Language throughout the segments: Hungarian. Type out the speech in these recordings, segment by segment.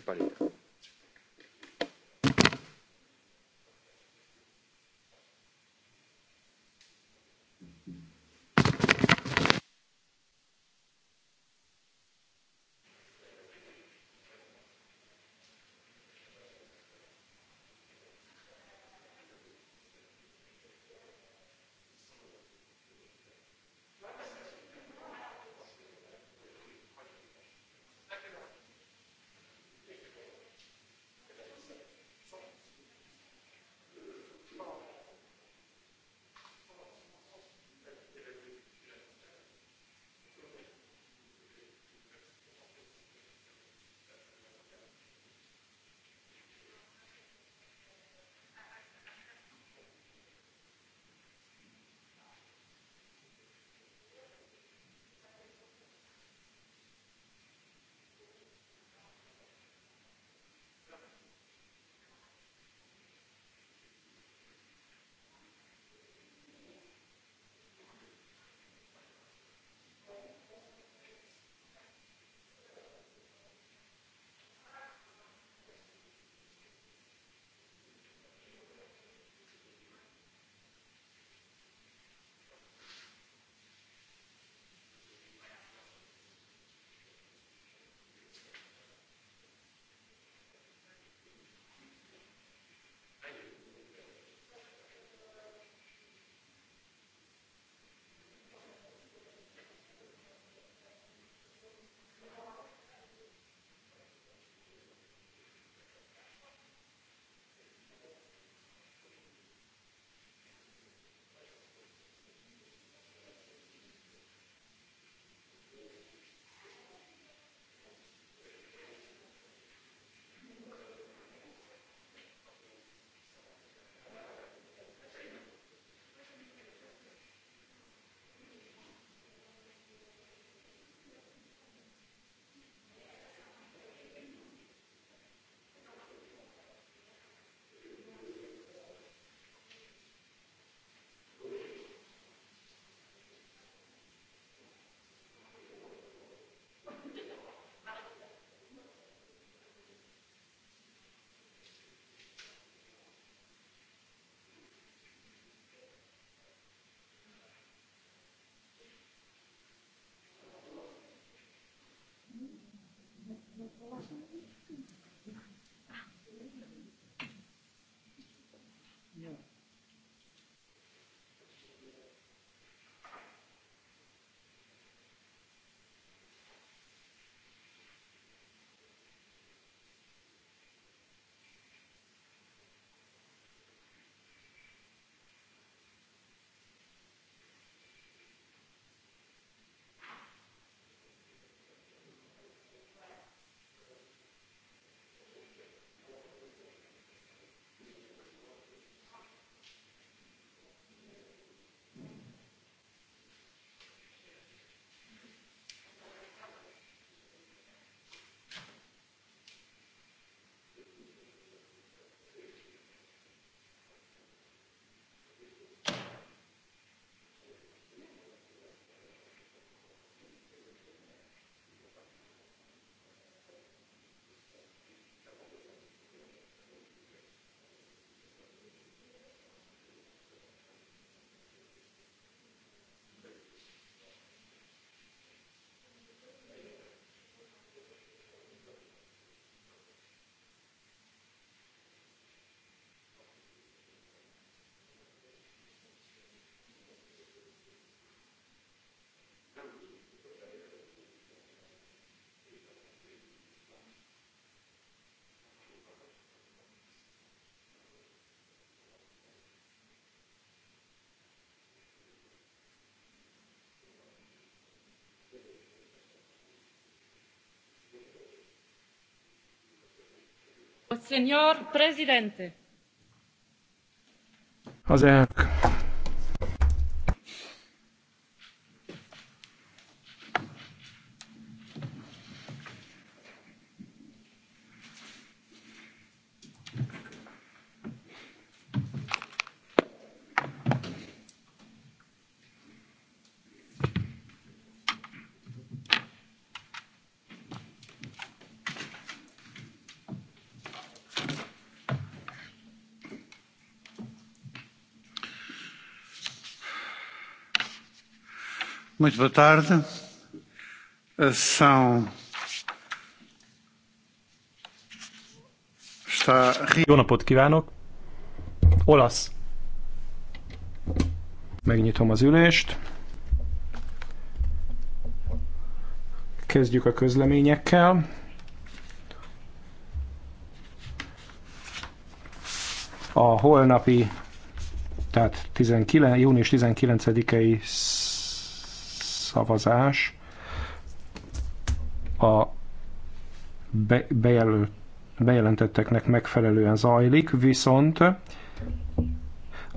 municipalidad. Señor Presidente. Az elnök. Muito boa tarde. São. Está... Jó napot kívánok! Olasz! Megnyitom az ülést. Kezdjük a közleményekkel. A holnapi, tehát 19, június 19-i szavazás a be, bejelölt, bejelentetteknek megfelelően zajlik, viszont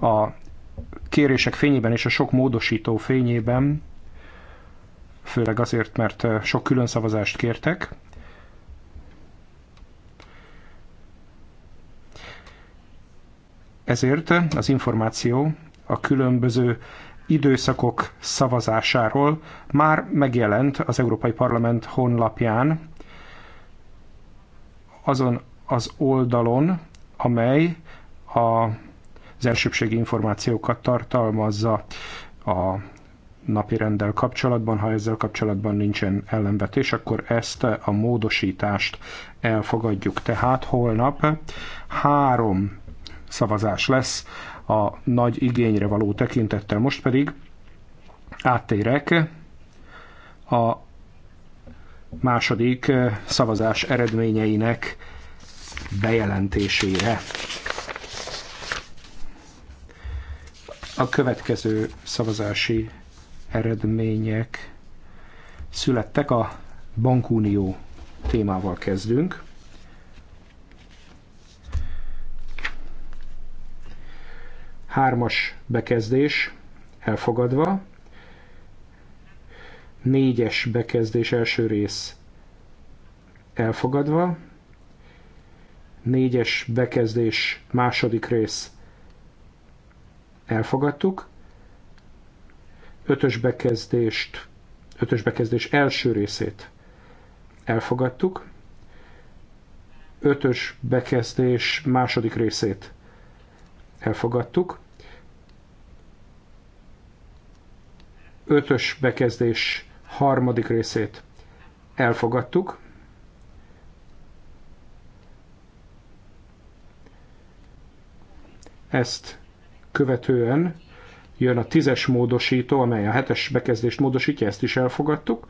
a kérések fényében és a sok módosító fényében, főleg azért, mert sok külön szavazást kértek, ezért az információ a különböző időszakok szavazásáról már megjelent az Európai Parlament honlapján azon az oldalon, amely a, az elsőbségi információkat tartalmazza a napi rendel kapcsolatban, ha ezzel kapcsolatban nincsen ellenvetés, akkor ezt a módosítást elfogadjuk. Tehát holnap három szavazás lesz a nagy igényre való tekintettel. Most pedig áttérek a második eh, szavazás eredményeinek bejelentésére. A következő szavazási eredmények születtek a bankunió témával kezdünk. Hármas bekezdés elfogadva. Négyes bekezdés első rész elfogadva. Négyes bekezdés második rész elfogadtuk. Ötös bekezdést, ötös bekezdés első részét elfogadtuk. Ötös bekezdés második részét elfogadtuk. ötös bekezdés harmadik részét elfogadtuk. Ezt követően jön a tízes módosító, amely a hetes bekezdést módosítja, ezt is elfogadtuk.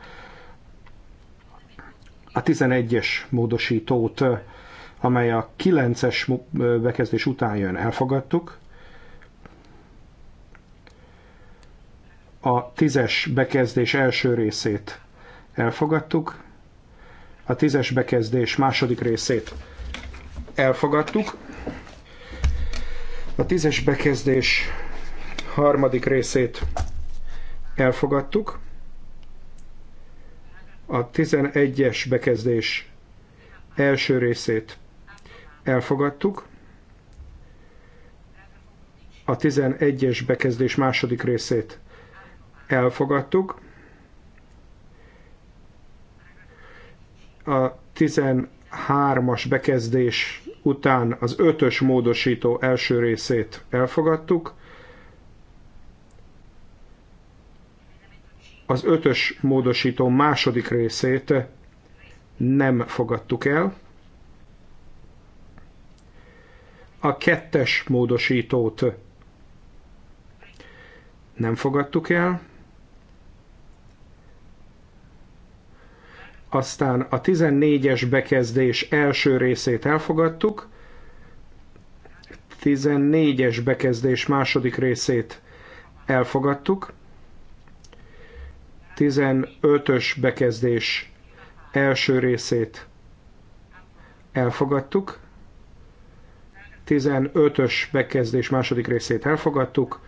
A 11-es módosítót, amely a 9-es bekezdés után jön, elfogadtuk. a tízes bekezdés első részét elfogadtuk, a tízes bekezdés második részét elfogadtuk, a tízes bekezdés harmadik részét elfogadtuk, a 11-es bekezdés első részét elfogadtuk, a 11-es bekezdés második részét elfogadtuk. A 13-as bekezdés után az 5-ös módosító első részét elfogadtuk. Az 5-ös módosító második részét nem fogadtuk el. A 2-es módosítót nem fogadtuk el. Aztán a 14-es bekezdés első részét elfogadtuk, 14-es bekezdés második részét elfogadtuk, 15-ös bekezdés első részét elfogadtuk, 15-ös bekezdés második részét elfogadtuk,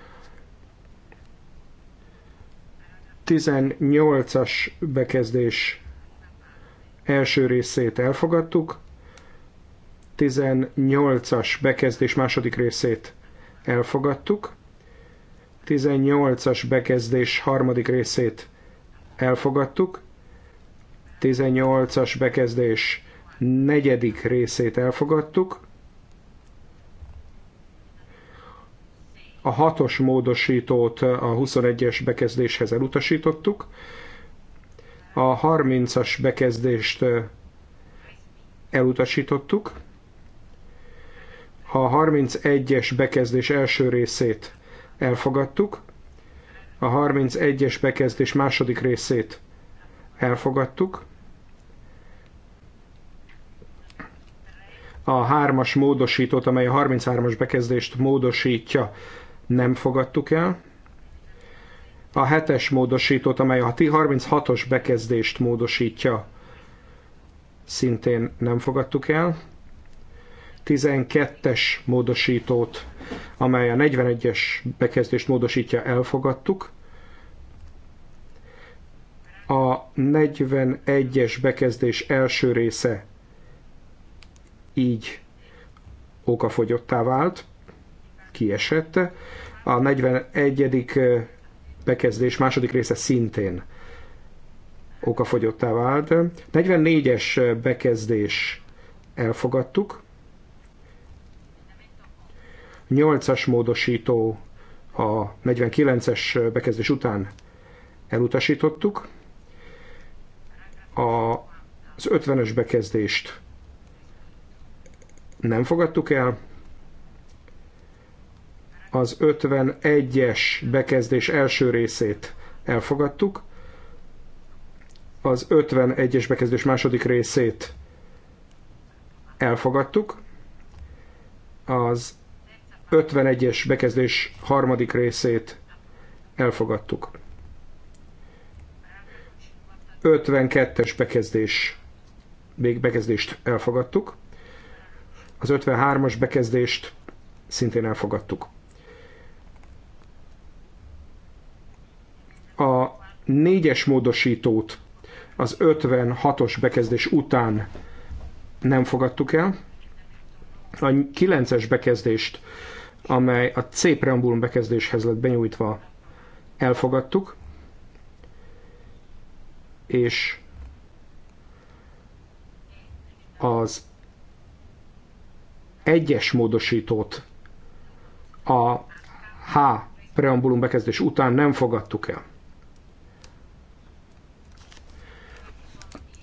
18-as bekezdés első részét elfogadtuk, 18-as bekezdés második részét elfogadtuk, 18-as bekezdés harmadik részét elfogadtuk, 18-as bekezdés negyedik részét elfogadtuk, a hatos módosítót a 21-es bekezdéshez elutasítottuk, a 30-as bekezdést elutasítottuk. A 31-es bekezdés első részét elfogadtuk. A 31-es bekezdés második részét elfogadtuk. A 3-as módosítót, amely a 33-as bekezdést módosítja, nem fogadtuk el a hetes módosítót, amely a 36-os bekezdést módosítja, szintén nem fogadtuk el. 12-es módosítót, amely a 41-es bekezdést módosítja, elfogadtuk. A 41-es bekezdés első része így okafogyottá vált, kiesette. A 41 bekezdés második része szintén okafogyottá vált. 44-es bekezdés elfogadtuk. 8-as módosító a 49-es bekezdés után elutasítottuk. A, az 50-ös bekezdést nem fogadtuk el, az 51-es bekezdés első részét elfogadtuk, az 51-es bekezdés második részét elfogadtuk, az 51-es bekezdés harmadik részét elfogadtuk. 52-es bekezdés, még bekezdést elfogadtuk. Az 53-as bekezdést szintén elfogadtuk. a négyes módosítót az 56-os bekezdés után nem fogadtuk el, a 9-es bekezdést, amely a C preambulum bekezdéshez lett benyújtva, elfogadtuk, és az egyes módosítót a H preambulum bekezdés után nem fogadtuk el.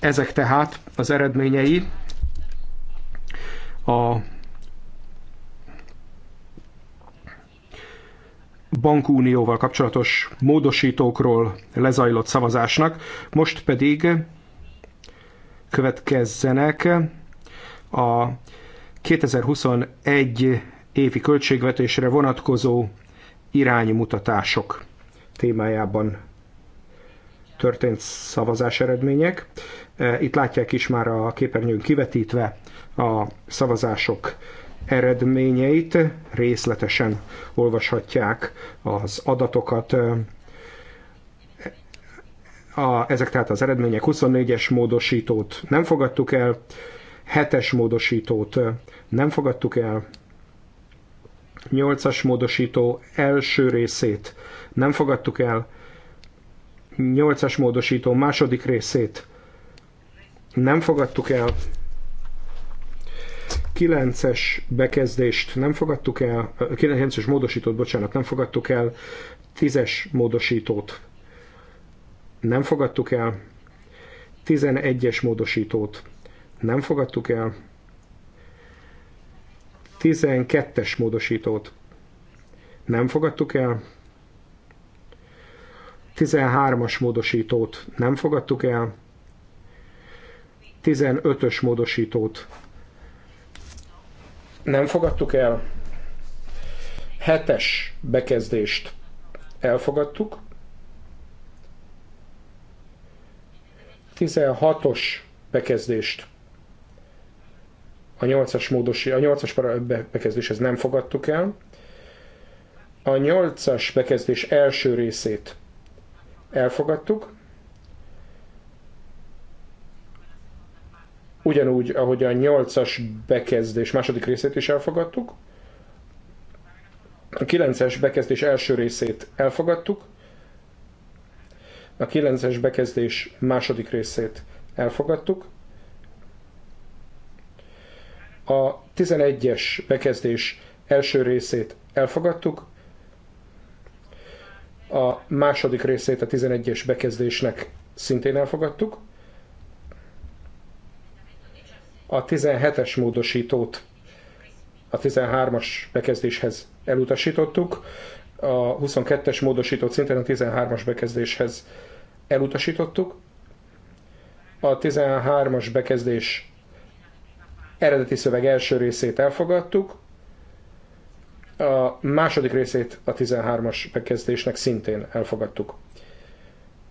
Ezek tehát az eredményei a bankunióval kapcsolatos módosítókról lezajlott szavazásnak. Most pedig következzenek a 2021 évi költségvetésre vonatkozó iránymutatások témájában történt szavazás eredmények. E, itt látják is már a képernyőn kivetítve a szavazások eredményeit, részletesen olvashatják az adatokat, e, a, ezek tehát az eredmények 24-es módosítót nem fogadtuk el, 7-es módosítót e, nem fogadtuk el, 8-as módosító első részét nem fogadtuk el, 8-as módosító második részét nem fogadtuk el. 9-es bekezdést nem fogadtuk el, 9-es módosítót, bocsánat, nem fogadtuk el, 10-es módosítót nem fogadtuk el, 11-es módosítót nem fogadtuk el, 12-es módosítót nem fogadtuk el, 13-as módosítót nem fogadtuk el, 15-ös módosítót nem fogadtuk el, 7-es bekezdést elfogadtuk, 16-os bekezdést a 8-as módosi, a 8-as bekezdéshez nem fogadtuk el, a 8-as bekezdés első részét elfogadtuk. Ugyanúgy, ahogy a nyolcas bekezdés második részét is elfogadtuk. A kilences bekezdés első részét elfogadtuk. A kilences bekezdés második részét elfogadtuk. A 11-es bekezdés első részét elfogadtuk, a második részét a 11-es bekezdésnek szintén elfogadtuk. A 17-es módosítót a 13-as bekezdéshez elutasítottuk, a 22-es módosítót szintén a 13-as bekezdéshez elutasítottuk, a 13-as bekezdés eredeti szöveg első részét elfogadtuk, a második részét a 13-as bekezdésnek szintén elfogadtuk.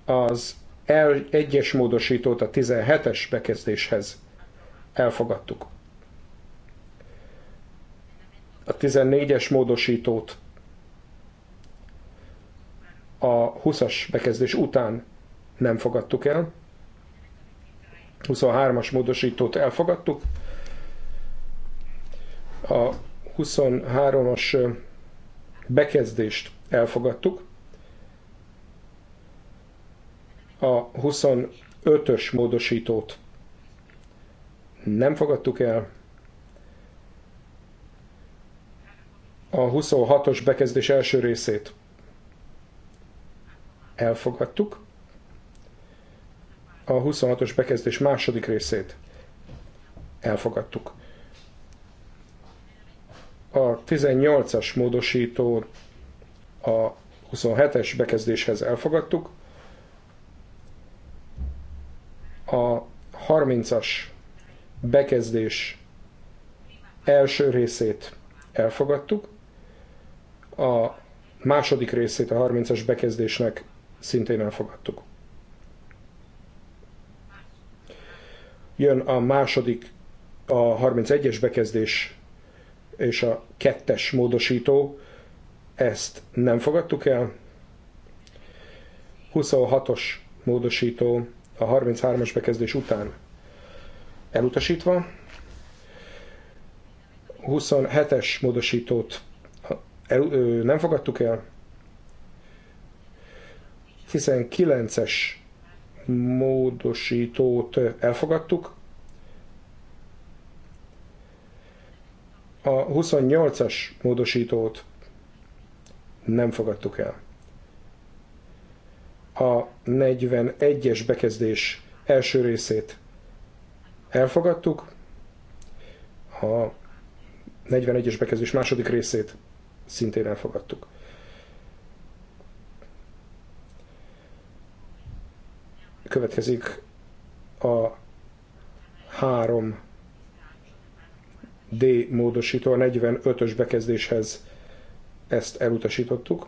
Az el, egyes módosítót a 17-es bekezdéshez elfogadtuk. A 14-es módosítót a 20-as bekezdés után nem fogadtuk el. 23-as módosítót elfogadtuk. A 23-as bekezdést elfogadtuk, a 25-ös módosítót nem fogadtuk el, a 26-os bekezdés első részét elfogadtuk, a 26-os bekezdés második részét elfogadtuk. A 18-as módosító a 27-es bekezdéshez elfogadtuk. A 30-as bekezdés első részét elfogadtuk. A második részét a 30-as bekezdésnek szintén elfogadtuk. Jön a második, a 31-es bekezdés és a kettes módosító, ezt nem fogadtuk el. 26-os módosító a 33-as bekezdés után elutasítva. 27-es módosítót el, ö, nem fogadtuk el. 19-es módosítót elfogadtuk. A 28-as módosítót nem fogadtuk el. A 41-es bekezdés első részét elfogadtuk, a 41-es bekezdés második részét szintén elfogadtuk. Következik a három D módosító a 45-ös bekezdéshez ezt elutasítottuk.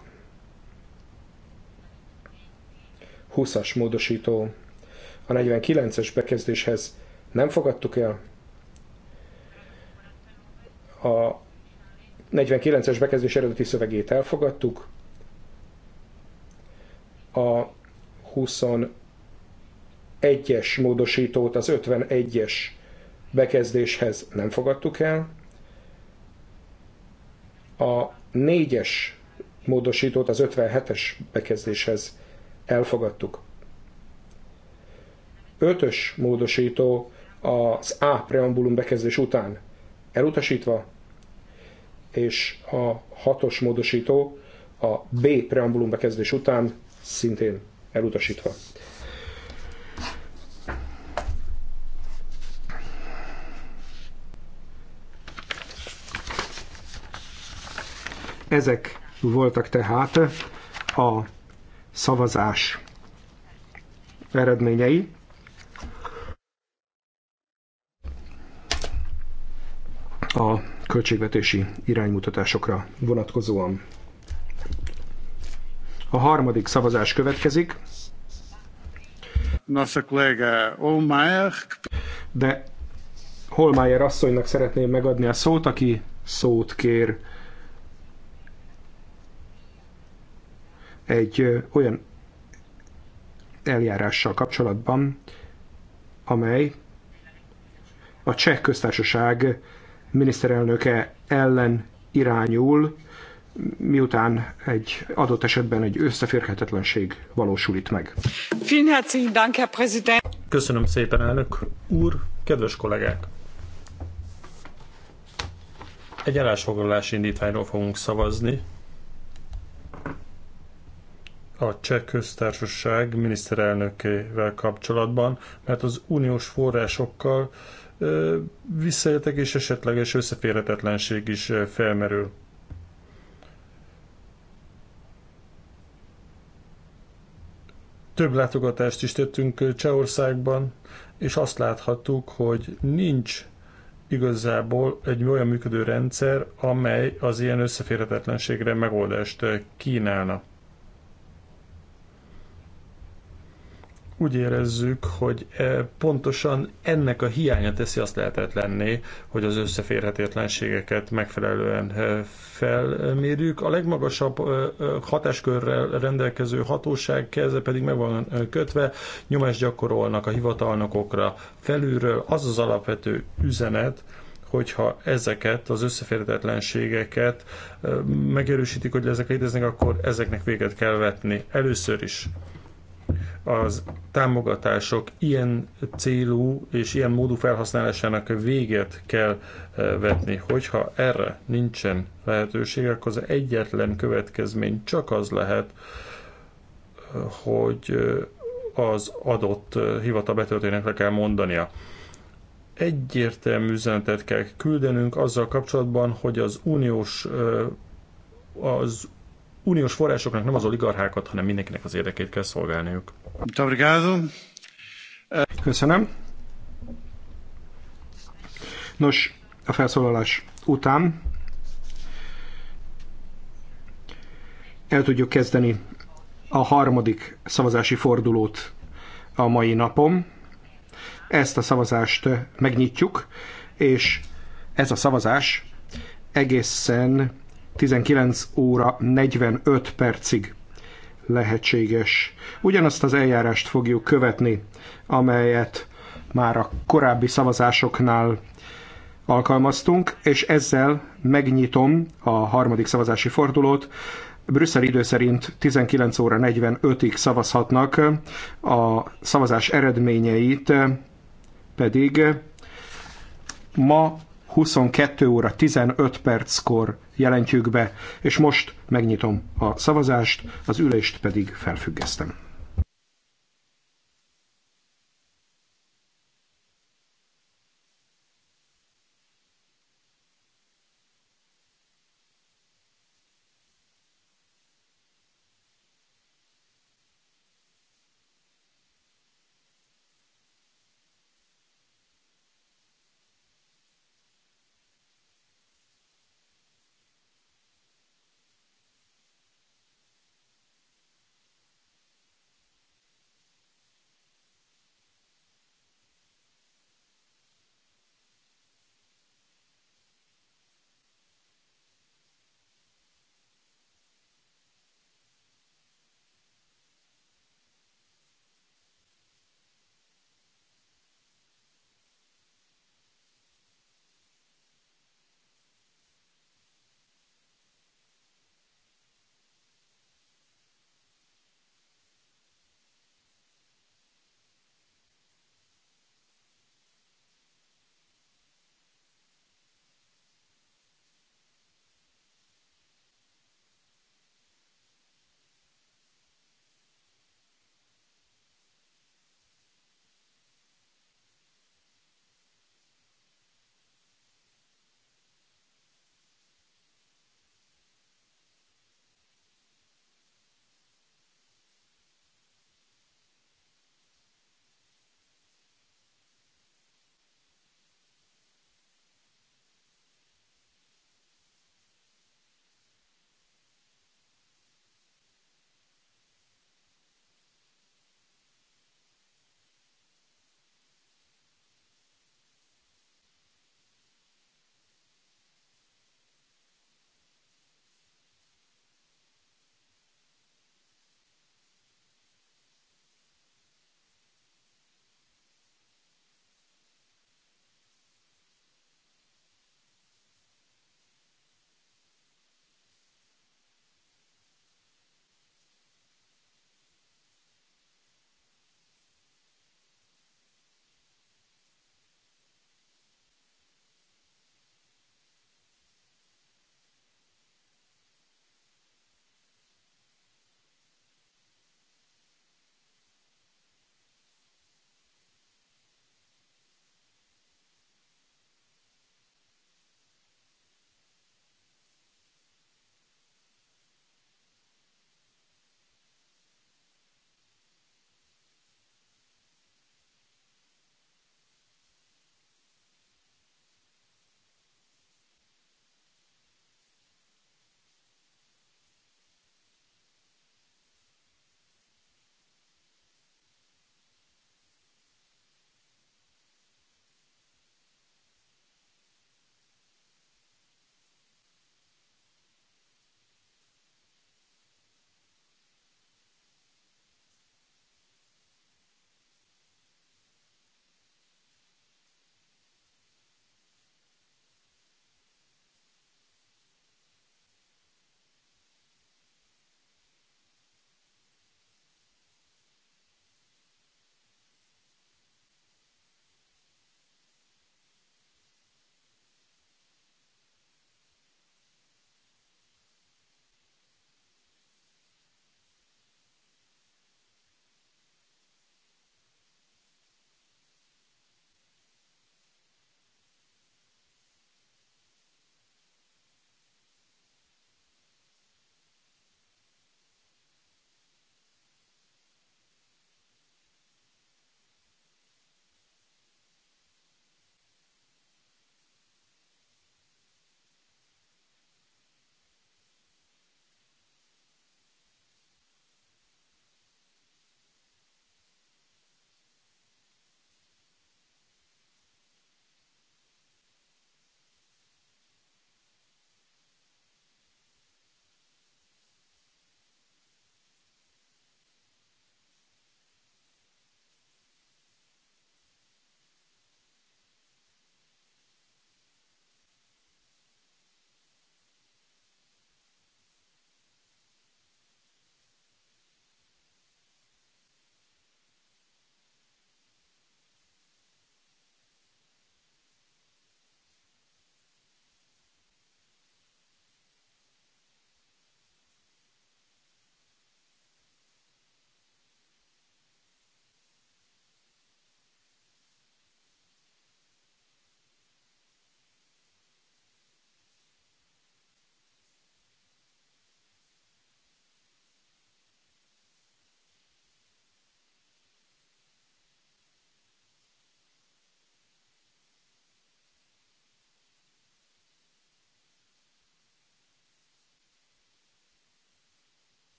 20-as módosító a 49-es bekezdéshez nem fogadtuk el. A 49-es bekezdés eredeti szövegét elfogadtuk. A 21-es módosítót az 51-es bekezdéshez nem fogadtuk el. A négyes módosítót az 57-es bekezdéshez elfogadtuk. Ötös módosító az A preambulum bekezdés után elutasítva, és a hatos módosító a B preambulum bekezdés után szintén elutasítva. Ezek voltak tehát a szavazás eredményei. a költségvetési iránymutatásokra vonatkozóan. A harmadik szavazás következik. Nossa kollega Olmayer. De Holmeyer asszonynak szeretném megadni a szót, aki szót kér. egy olyan eljárással kapcsolatban, amely a cseh köztársaság miniszterelnöke ellen irányul, miután egy adott esetben egy összeférhetetlenség valósul itt meg. Köszönöm szépen, elnök úr, kedves kollégák! Egy állásfoglalási indítványról fogunk szavazni, a cseh köztársaság miniszterelnökével kapcsolatban, mert az uniós forrásokkal visszajöttek, és esetleges összeférhetetlenség is felmerül. Több látogatást is tettünk Csehországban, és azt láthattuk, hogy nincs igazából egy olyan működő rendszer, amely az ilyen összeférhetetlenségre megoldást kínálna. úgy érezzük, hogy e, pontosan ennek a hiánya teszi azt lehetetlenné, hogy az összeférhetetlenségeket megfelelően e, felmérjük. A legmagasabb e, hatáskörrel rendelkező hatóság keze pedig meg van kötve, nyomást gyakorolnak a hivatalnokokra felülről. Az az alapvető üzenet, hogyha ezeket az összeférhetetlenségeket megerősítik, hogy ezek léteznek, akkor ezeknek véget kell vetni. Először is az támogatások ilyen célú és ilyen módú felhasználásának véget kell e, vetni. Hogyha erre nincsen lehetőség, akkor az egyetlen következmény csak az lehet, hogy e, az adott e, hivatal betöltőnek le kell mondania. Egyértelmű üzenetet kell küldenünk azzal kapcsolatban, hogy az uniós az uniós forrásoknak nem az oligarchákat, hanem mindenkinek az érdekét kell szolgálniuk. Köszönöm. Nos, a felszólalás után el tudjuk kezdeni a harmadik szavazási fordulót a mai napon. Ezt a szavazást megnyitjuk, és ez a szavazás egészen 19 óra 45 percig lehetséges. Ugyanazt az eljárást fogjuk követni, amelyet már a korábbi szavazásoknál alkalmaztunk, és ezzel megnyitom a harmadik szavazási fordulót. Brüsszel idő szerint 19 óra 45-ig szavazhatnak, a szavazás eredményeit pedig ma 22 óra 15 perckor jelentjük be, és most megnyitom a szavazást, az ülést pedig felfüggesztem.